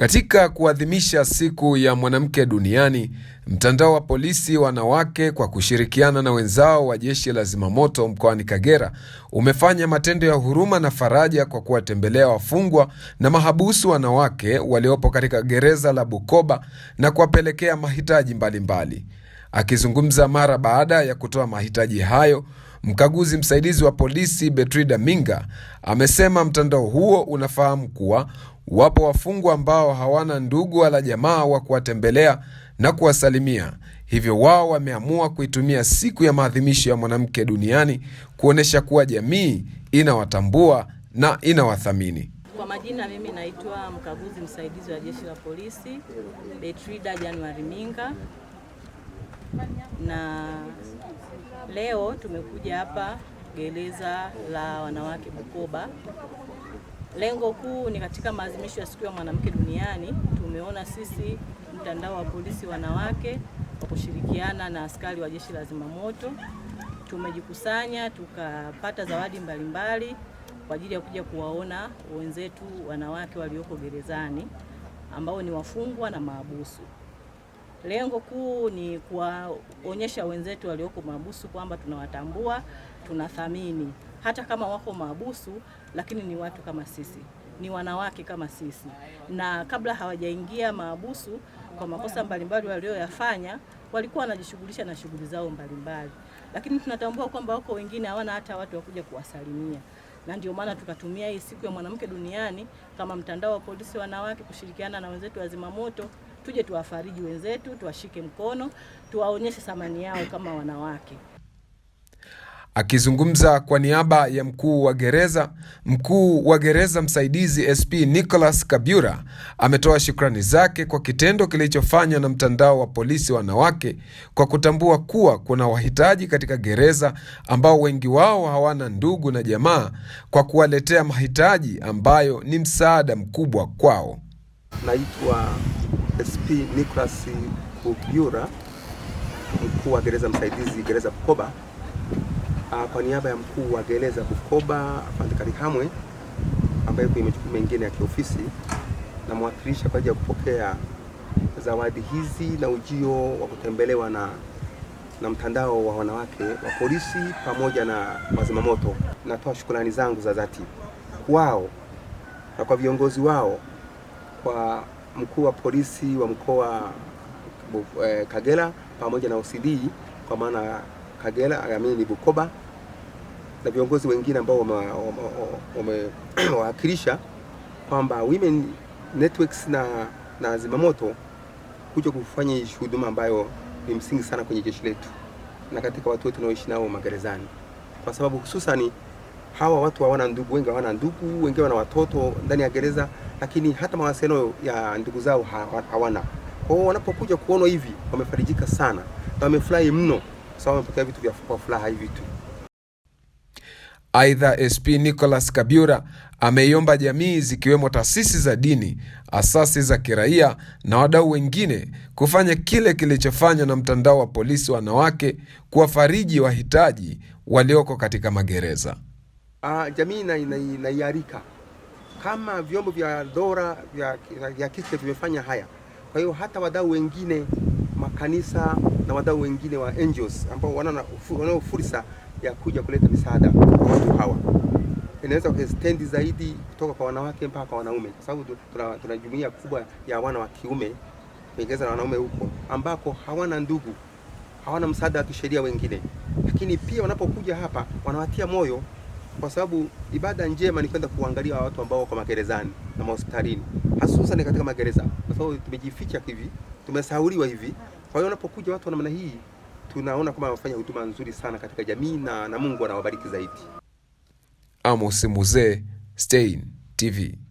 Katika kuadhimisha siku ya mwanamke duniani, mtandao wa polisi wanawake kwa kushirikiana na wenzao wa jeshi la zimamoto mkoani Kagera umefanya matendo ya huruma na faraja kwa kuwatembelea wafungwa na mahabusu wanawake waliopo katika gereza la Bukoba na kuwapelekea mahitaji mbalimbali mbali. Akizungumza mara baada ya kutoa mahitaji hayo Mkaguzi msaidizi wa polisi Betrida Minga amesema mtandao huo unafahamu kuwa wapo wafungwa ambao hawana ndugu wala jamaa wa kuwatembelea na kuwasalimia, hivyo wao wameamua kuitumia siku ya maadhimisho ya mwanamke duniani kuonyesha kuwa jamii inawatambua na inawathamini. Kwa majina mimi naitwa mkaguzi msaidizi wa jeshi la polisi Betrida January Minga na Leo tumekuja hapa gereza la wanawake Bukoba. Lengo kuu ni katika maadhimisho ya siku ya mwanamke duniani. Tumeona sisi mtandao wa polisi wanawake kwa kushirikiana na askari wa jeshi la zimamoto tumejikusanya tukapata zawadi mbalimbali kwa ajili ya kuja kuwaona wenzetu wanawake walioko gerezani ambao ni wafungwa na maabusu. Lengo kuu ni kuwaonyesha wenzetu walioko mahabusu kwamba tunawatambua, tunathamini, hata kama wako mahabusu, lakini ni watu kama sisi, ni wanawake kama sisi, na kabla hawajaingia mahabusu kwa makosa mbalimbali walioyafanya, walikuwa wanajishughulisha na shughuli zao mbalimbali, lakini tunatambua kwamba wako wengine hawana hata watu wa kuja kuwasalimia na ndio maana tukatumia hii siku ya mwanamke duniani kama mtandao wa polisi wanawake kushirikiana na wenzetu wa zimamoto tuje tuwafariji wenzetu, tuwashike mkono, tuwaonyeshe thamani yao kama wanawake. Akizungumza kwa niaba ya mkuu wa gereza, mkuu wa gereza msaidizi SP Nicholas Kabura ametoa shukrani zake kwa kitendo kilichofanywa na mtandao wa polisi wanawake kwa kutambua kuwa kuna wahitaji katika gereza ambao wengi wao hawana ndugu na jamaa, kwa kuwaletea mahitaji ambayo ni msaada mkubwa kwao. Naitwa SP Nicholas Kubyura, mkuu wa gereza msaidizi gereza Bukoba, ah, kwa niaba ya mkuu wa gereza Bukoba afande Kalihamwe, ambaye kuna majukumu mengine ya kiofisi, namwakilisha kwa ajili ya kupokea zawadi hizi na ujio wa kutembelewa na, na mtandao wa wanawake wa polisi pamoja na wazimamoto. Natoa shukrani zangu za dhati kwao na kwa viongozi wao kwa mkuu wa polisi wa mkoa eh, Kagera pamoja na OCD kwa maana Kagera amini ni Bukoba na viongozi wengine ambao wamewakilisha kwamba women networks na, na zimamoto kuja kufanya huduma ambayo ni msingi sana kwenye jeshi letu na katika watu wetu wanaoishi nao magerezani, kwa sababu hususani hawa watu hawana ndugu, wengi hawana ndugu, wengi wana watoto ndani ya gereza lakini hata mawasiliano ya ndugu zao hawana. Kwa hiyo wanapokuja kuona hivi wamefarijika sana na wamefurahi mno, sababu wamepokea vitu vya kwa furaha hivi tu. Aidha, SP Nicholas kabiura ameiomba jamii zikiwemo taasisi za dini, asasi za kiraia na wadau wengine kufanya kile kilichofanywa na mtandao wa polisi wanawake kuwafariji wahitaji walioko katika magereza. Ah, jamii inaiarika kama vyombo vya dola vya, vya Kikristo vimefanya haya. Kwa hiyo hata wadau wengine makanisa na wadau wengine wa angels ambao wanao fursa ya kuja kuleta misaada kwa watu hawa, inaweza kuestendi zaidi kutoka kwa wanawake mpaka kwa wanaume, kwa sababu tuna, tuna jumuiya kubwa ya wana wa kiume Uingereza na wanaume huko ambako hawana ndugu, hawana msaada wa kisheria wengine, lakini pia wanapokuja hapa wanawatia moyo kwa sababu ibada njema ni kwenda kuangalia watu ambao wako magerezani na mahospitalini, ni katika magereza, kwa sababu tumejificha hivi, tumesahauliwa hivi. Kwa hiyo unapokuja watu wa namna hii, tunaona kama wamefanya huduma nzuri sana katika jamii na, na Mungu anawabariki zaidi. Amos Muzee, Stein TV.